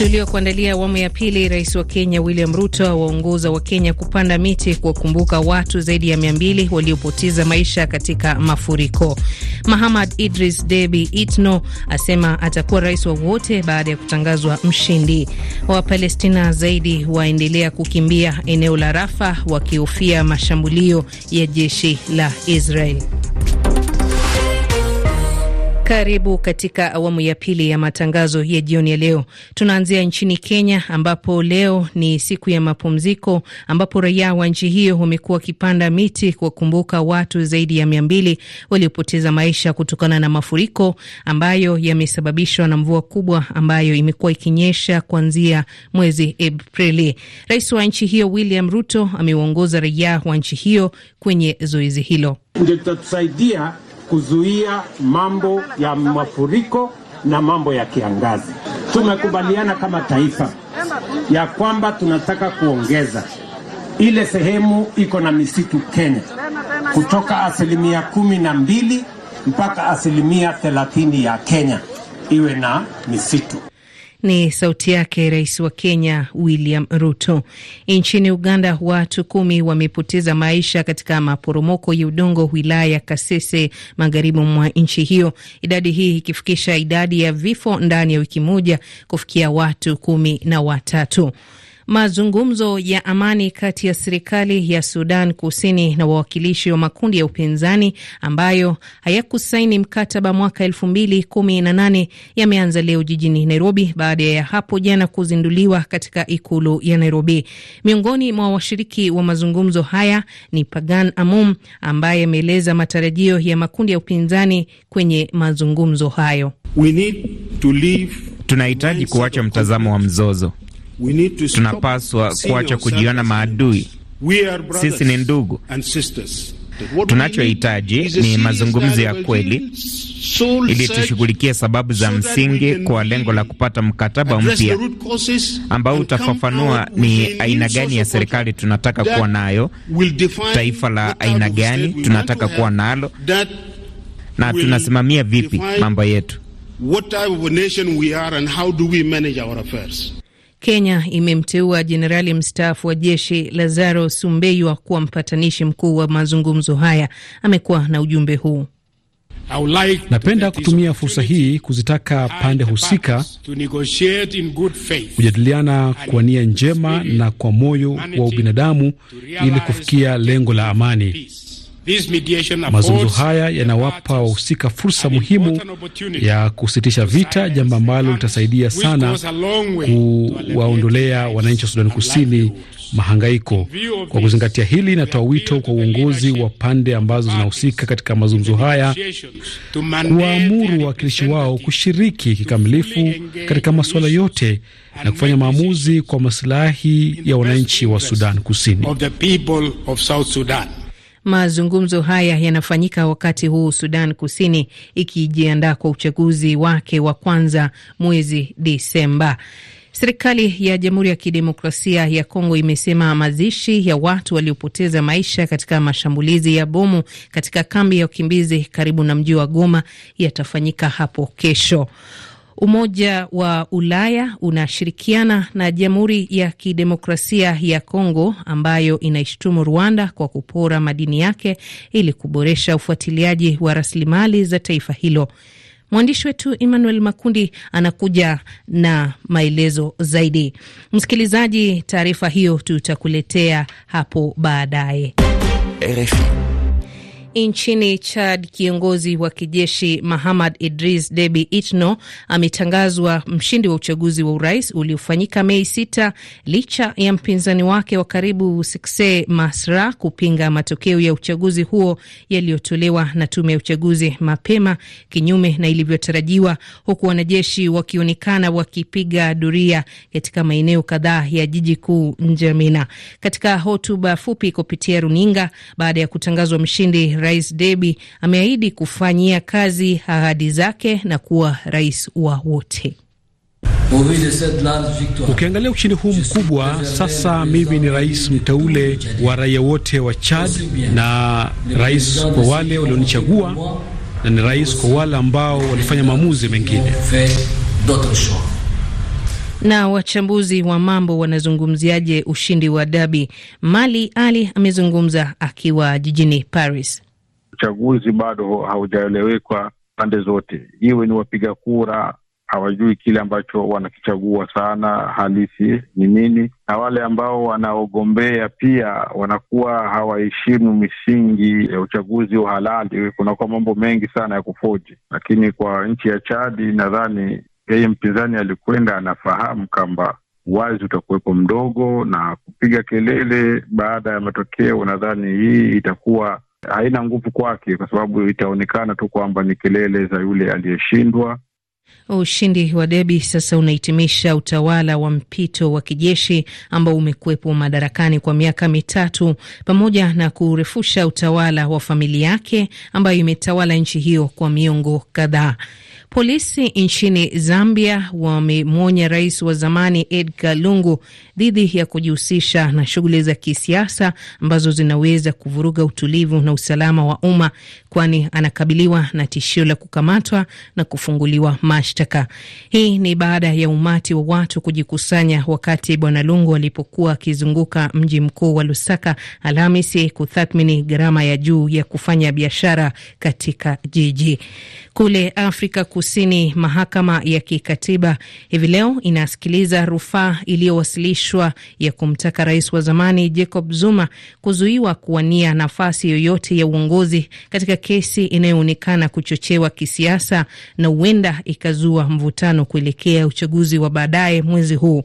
Tuliokuandalia awamu ya pili. Rais wa Kenya William Ruto awaongoza wa Kenya kupanda miti kuwakumbuka watu zaidi ya mia mbili waliopoteza maisha katika mafuriko. Mahamad Idris Debi Itno asema atakuwa rais wa wote baada ya kutangazwa mshindi. Wapalestina zaidi waendelea kukimbia eneo la Rafa wakihofia mashambulio ya jeshi la Israel. Karibu katika awamu ya pili ya matangazo ya jioni ya leo. Tunaanzia nchini Kenya, ambapo leo ni siku ya mapumziko, ambapo raia wa nchi hiyo wamekuwa wakipanda miti kuwakumbuka watu zaidi ya mia mbili waliopoteza maisha kutokana na mafuriko ambayo yamesababishwa na mvua kubwa ambayo imekuwa ikinyesha kuanzia mwezi Aprili. Rais wa nchi hiyo William Ruto ameuongoza raia wa nchi hiyo kwenye zoezi hilo. Ndio tutatusaidia kuzuia mambo ya mafuriko na mambo ya kiangazi. Tumekubaliana kama taifa ya kwamba tunataka kuongeza ile sehemu iko na misitu Kenya kutoka asilimia kumi na mbili mpaka asilimia thelathini ya Kenya iwe na misitu. Ni sauti yake Rais wa Kenya William Ruto. Nchini Uganda, watu kumi wamepoteza maisha katika maporomoko ya udongo wilaya ya Kasese, magharibi mwa nchi hiyo, idadi hii ikifikisha idadi ya vifo ndani ya wiki moja kufikia watu kumi na watatu. Mazungumzo ya amani kati ya serikali ya Sudan Kusini na wawakilishi wa makundi ya upinzani ambayo hayakusaini mkataba mwaka elfu mbili kumi na nane yameanza leo jijini Nairobi baada ya hapo jana kuzinduliwa katika ikulu ya Nairobi. Miongoni mwa washiriki wa mazungumzo haya ni Pagan Amum ambaye ameeleza matarajio ya makundi ya upinzani kwenye mazungumzo hayo. We need to leave tunahitaji kuacha mtazamo wa mzozo Tunapaswa kuacha kujiona maadui. Sisi ni ndugu. Tunachohitaji ni mazungumzo ya kweli ili tushughulikie sababu za msingi kwa lengo la kupata mkataba mpya ambao utafafanua ni aina gani ya serikali tunataka kuwa nayo, taifa la aina gani tunataka kuwa nalo, na tunasimamia vipi mambo yetu. What type of Kenya imemteua jenerali mstaafu wa jeshi Lazaro Sumbeywa kuwa mpatanishi mkuu wa mazungumzo haya. Amekuwa na ujumbe huu. Like napenda kutumia fursa hii kuzitaka pande husika kujadiliana kwa nia njema na kwa moyo wa ubinadamu ili kufikia lengo la amani. Mazungumzo haya yanawapa wahusika fursa muhimu ya kusitisha vita, jambo ambalo litasaidia sana kuwaondolea wananchi wa Sudani Kusini mahangaiko. Kwa kuzingatia hili, inatoa wito kwa uongozi wa pande ambazo zinahusika katika mazungumzo haya kuwaamuru wawakilishi wao kushiriki kikamilifu katika masuala yote na kufanya maamuzi kwa masilahi ya wananchi wa Sudan Kusini. Mazungumzo haya yanafanyika wakati huu Sudan Kusini ikijiandaa kwa uchaguzi wake wa kwanza mwezi Disemba. Serikali ya Jamhuri ya Kidemokrasia ya Kongo imesema mazishi ya watu waliopoteza maisha katika mashambulizi ya bomu katika kambi ya wakimbizi karibu na mji wa Goma yatafanyika hapo kesho. Umoja wa Ulaya unashirikiana na Jamhuri ya Kidemokrasia ya Kongo ambayo inaishutumu Rwanda kwa kupora madini yake ili kuboresha ufuatiliaji wa rasilimali za taifa hilo. Mwandishi wetu Emmanuel Makundi anakuja na maelezo zaidi. Msikilizaji, taarifa hiyo tutakuletea hapo baadaye. RFI Nchini Chad, kiongozi wa kijeshi Mahamad Idris Debi Itno ametangazwa mshindi wa uchaguzi wa urais uliofanyika Mei sita licha ya mpinzani wake wa karibu Sikse Masra kupinga matokeo ya uchaguzi huo yaliyotolewa na tume ya uchaguzi mapema, kinyume na ilivyotarajiwa, huku wanajeshi wakionekana wakipiga doria katika maeneo kadhaa ya jiji kuu Njamina. Katika hotuba fupi kupitia runinga baada ya kutangazwa mshindi Rais Deby ameahidi kufanyia kazi ahadi zake na kuwa rais wa wote. Ukiangalia ushindi huu mkubwa sasa, mimi ni rais mteule wa raia wote wa Chad na rais kwa wale walionichagua na ni rais kwa wale ambao walifanya maamuzi mengine. Na wachambuzi wa mambo wanazungumziaje ushindi wa Dabi? Mali Ali amezungumza akiwa jijini Paris uchaguzi bado haujaelewekwa pande zote, iwe ni wapiga kura hawajui kile ambacho wanakichagua sana halisi ni nini, na wale ambao wanaogombea pia wanakuwa hawaheshimu misingi ya uchaguzi wa halali. Kunakuwa mambo mengi sana ya kufoji, lakini kwa nchi ya Chadi nadhani yeye mpinzani alikwenda anafahamu kwamba uwazi utakuwepo mdogo, na kupiga kelele baada ya matokeo, nadhani hii itakuwa haina nguvu kwake, kwa sababu itaonekana tu kwamba ni kelele za yule aliyeshindwa. Ushindi wa debi sasa unahitimisha utawala wa mpito wa kijeshi ambao umekuwepo madarakani kwa miaka mitatu pamoja na kurefusha utawala wa familia yake ambayo imetawala nchi hiyo kwa miongo kadhaa. Polisi nchini Zambia wamemwonya rais wa zamani Edgar Lungu dhidi ya kujihusisha na shughuli za kisiasa ambazo zinaweza kuvuruga utulivu na usalama wa umma, kwani anakabiliwa na tishio la kukamatwa na kufunguliwa mashtaka. Hii ni baada ya umati wa watu kujikusanya wakati bwana Lungu alipokuwa akizunguka mji mkuu wa Lusaka Alhamisi kutathmini gharama ya juu ya kufanya biashara katika jiji. Kule Afrika Kusini, mahakama ya kikatiba hivi leo inasikiliza rufaa iliyowasilishwa ya kumtaka rais wa zamani Jacob Zuma kuzuiwa kuwania nafasi yoyote ya uongozi katika kesi inayoonekana kuchochewa kisiasa na huenda ikazua mvutano kuelekea uchaguzi wa baadaye mwezi huu.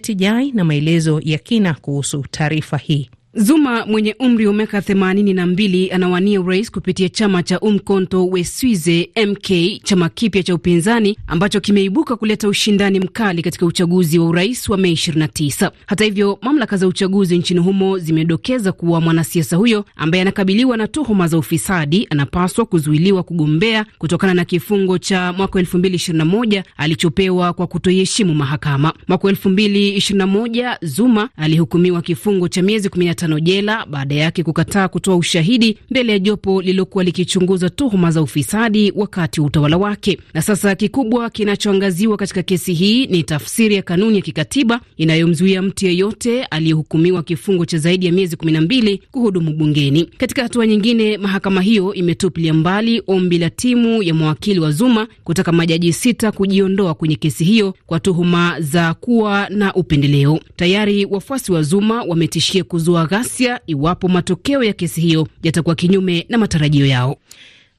Tijai na maelezo ya kina kuhusu taarifa hii. Zuma mwenye umri wa miaka themanini na mbili anawania urais kupitia chama cha Umkonto Weswize MK, chama kipya cha upinzani ambacho kimeibuka kuleta ushindani mkali katika uchaguzi wa urais wa Mei 29. Hata hivyo, mamlaka za uchaguzi nchini humo zimedokeza kuwa mwanasiasa huyo ambaye anakabiliwa na tuhuma za ufisadi anapaswa kuzuiliwa kugombea kutokana na kifungo cha mwaka 2021 alichopewa kwa kutoiheshimu mahakama. Mwaka 2021 Zuma alihukumiwa kifungo cha miezi tano jela baada yake kukataa kutoa ushahidi mbele ya jopo lililokuwa likichunguza tuhuma za ufisadi wakati wa utawala wake. Na sasa kikubwa kinachoangaziwa katika kesi hii ni tafsiri ya kanuni ya kikatiba inayomzuia mtu yeyote aliyehukumiwa kifungo cha zaidi ya miezi kumi na mbili kuhudumu bungeni. Katika hatua nyingine, mahakama hiyo imetupilia mbali ombi la timu ya mawakili wa Zuma kutaka majaji sita kujiondoa kwenye kesi hiyo kwa tuhuma za kuwa na upendeleo. Tayari wafuasi wa Zuma wametishia kuzua ghasia iwapo matokeo ya kesi hiyo yatakuwa kinyume na matarajio yao.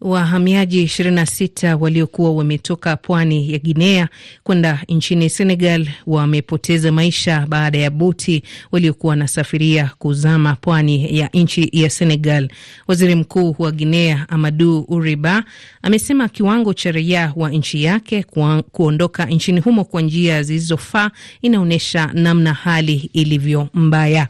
Wahamiaji 26 waliokuwa wametoka pwani ya Guinea kwenda nchini Senegal wamepoteza maisha baada ya boti waliokuwa wanasafiria kuzama pwani ya nchi ya Senegal. Waziri Mkuu wa Guinea Amadu Uriba amesema kiwango cha raia wa nchi yake kuondoka nchini humo kwa njia zilizofaa inaonyesha namna hali ilivyo mbaya.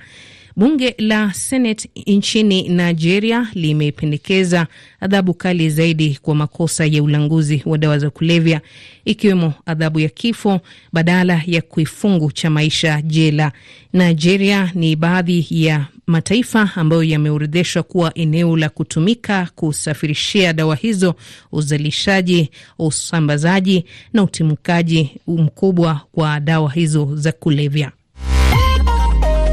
Bunge la Senate nchini Nigeria limependekeza adhabu kali zaidi kwa makosa ya ulanguzi wa dawa za kulevya, ikiwemo adhabu ya kifo badala ya kifungu cha maisha jela. Nigeria ni baadhi ya mataifa ambayo yameorodheshwa kuwa eneo la kutumika kusafirishia dawa hizo, uzalishaji, usambazaji na utimkaji mkubwa wa dawa hizo za kulevya.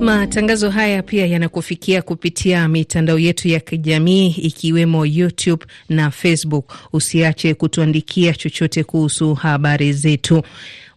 Matangazo haya pia yanakufikia kupitia mitandao yetu ya kijamii ikiwemo YouTube na Facebook. Usiache kutuandikia chochote kuhusu habari zetu.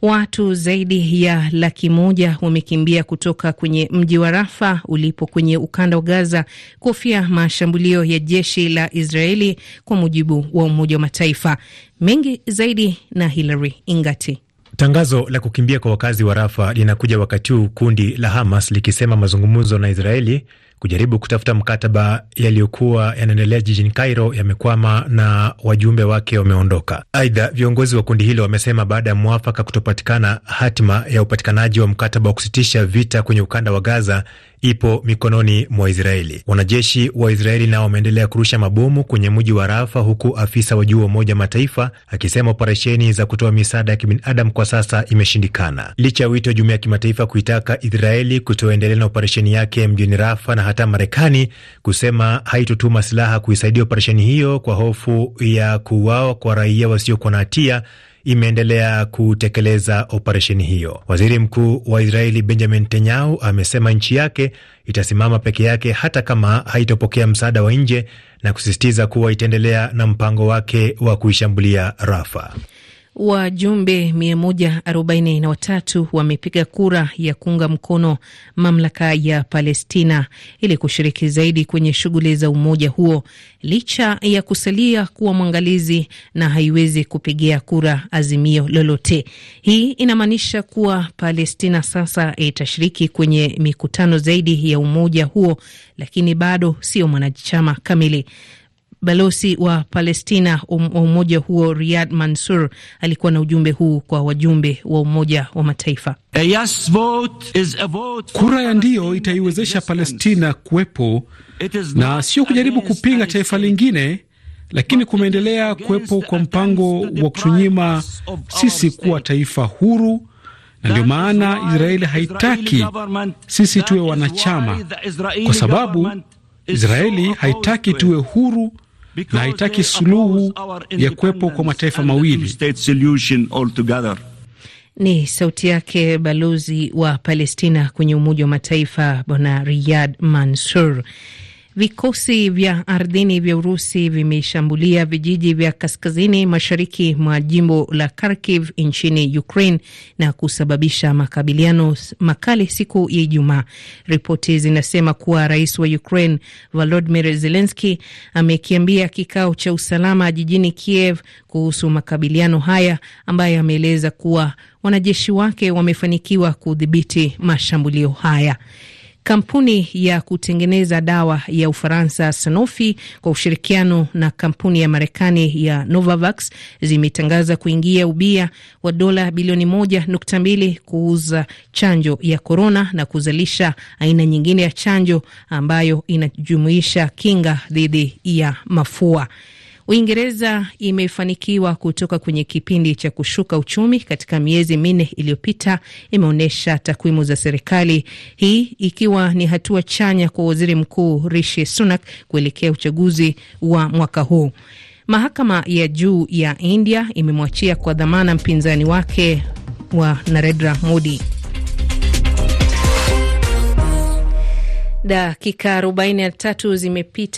Watu zaidi ya laki moja wamekimbia kutoka kwenye mji wa Rafa ulipo kwenye ukanda wa Gaza kufia mashambulio ya jeshi la Israeli, kwa mujibu wa Umoja wa Mataifa. Mengi zaidi na Hilary Ingati. Tangazo la kukimbia kwa wakazi wa Rafa linakuja wakati huu kundi la Hamas likisema mazungumzo na Israeli kujaribu kutafuta mkataba yaliyokuwa yanaendelea jijini Cairo yamekwama na wajumbe wake wameondoka. Aidha, viongozi wa kundi hilo wamesema baada ya mwafaka kutopatikana, hatima ya upatikanaji wa mkataba wa kusitisha vita kwenye ukanda wa Gaza ipo mikononi mwa Israeli. Wanajeshi wa Israeli nao wameendelea kurusha mabomu kwenye mji wa Rafa, huku afisa wa juu wa Umoja Mataifa akisema operesheni za kutoa misaada ya kibinadamu kwa sasa imeshindikana, licha ya wito wa jumuiya ya kimataifa kuitaka Israeli kutoendelea na operesheni yake mjini Rafa na hata Marekani kusema haitotuma silaha kuisaidia operesheni hiyo kwa hofu ya kuuawa kwa raia wasiokuwa na hatia imeendelea kutekeleza operesheni hiyo. Waziri mkuu wa Israeli Benjamin Netanyahu amesema nchi yake itasimama peke yake hata kama haitopokea msaada wa nje na kusisitiza kuwa itaendelea na mpango wake wa kuishambulia Rafa. Wajumbe 143 wamepiga kura ya kuunga mkono mamlaka ya Palestina ili kushiriki zaidi kwenye shughuli za umoja huo, licha ya kusalia kuwa mwangalizi na haiwezi kupigia kura azimio lolote. Hii inamaanisha kuwa Palestina sasa itashiriki kwenye mikutano zaidi ya umoja huo, lakini bado sio mwanachama kamili. Balozi wa Palestina um, wa um, umoja huo Riyad Mansur alikuwa na ujumbe huu kwa wajumbe wa Umoja wa Mataifa. A yes vote is a vote for... kura ya ndio itaiwezesha Palestina kuwepo na sio kujaribu kupinga taifa lingine lakini kumeendelea kuwepo kwa mpango wa kutunyima sisi kuwa taifa huru, na ndio maana Israeli haitaki sisi tuwe wanachama, kwa sababu Israeli haitaki tuwe huru na haitaki suluhu ya kuwepo kwa mataifa mawili. Ni sauti yake balozi wa Palestina kwenye Umoja wa Mataifa Bwana Riyad Mansur. Vikosi vya ardhini vya Urusi vimeshambulia vijiji vya kaskazini mashariki mwa jimbo la Kharkiv nchini Ukraine na kusababisha makabiliano makali siku ya Ijumaa. Ripoti zinasema kuwa rais wa Ukraine Volodymyr Zelensky amekiambia kikao cha usalama jijini Kiev kuhusu makabiliano haya, ambayo ameeleza kuwa wanajeshi wake wamefanikiwa kudhibiti mashambulio haya. Kampuni ya kutengeneza dawa ya Ufaransa Sanofi kwa ushirikiano na kampuni ya Marekani ya Novavax zimetangaza kuingia ubia wa dola bilioni moja nukta mbili kuuza chanjo ya korona na kuzalisha aina nyingine ya chanjo ambayo inajumuisha kinga dhidi ya mafua. Uingereza imefanikiwa kutoka kwenye kipindi cha kushuka uchumi katika miezi minne iliyopita, imeonyesha takwimu za serikali, hii ikiwa ni hatua chanya kwa waziri mkuu Rishi Sunak kuelekea uchaguzi wa mwaka huu. Mahakama ya juu ya India imemwachia kwa dhamana mpinzani wake wa Narendra Modi. Dakika 43 zimepita.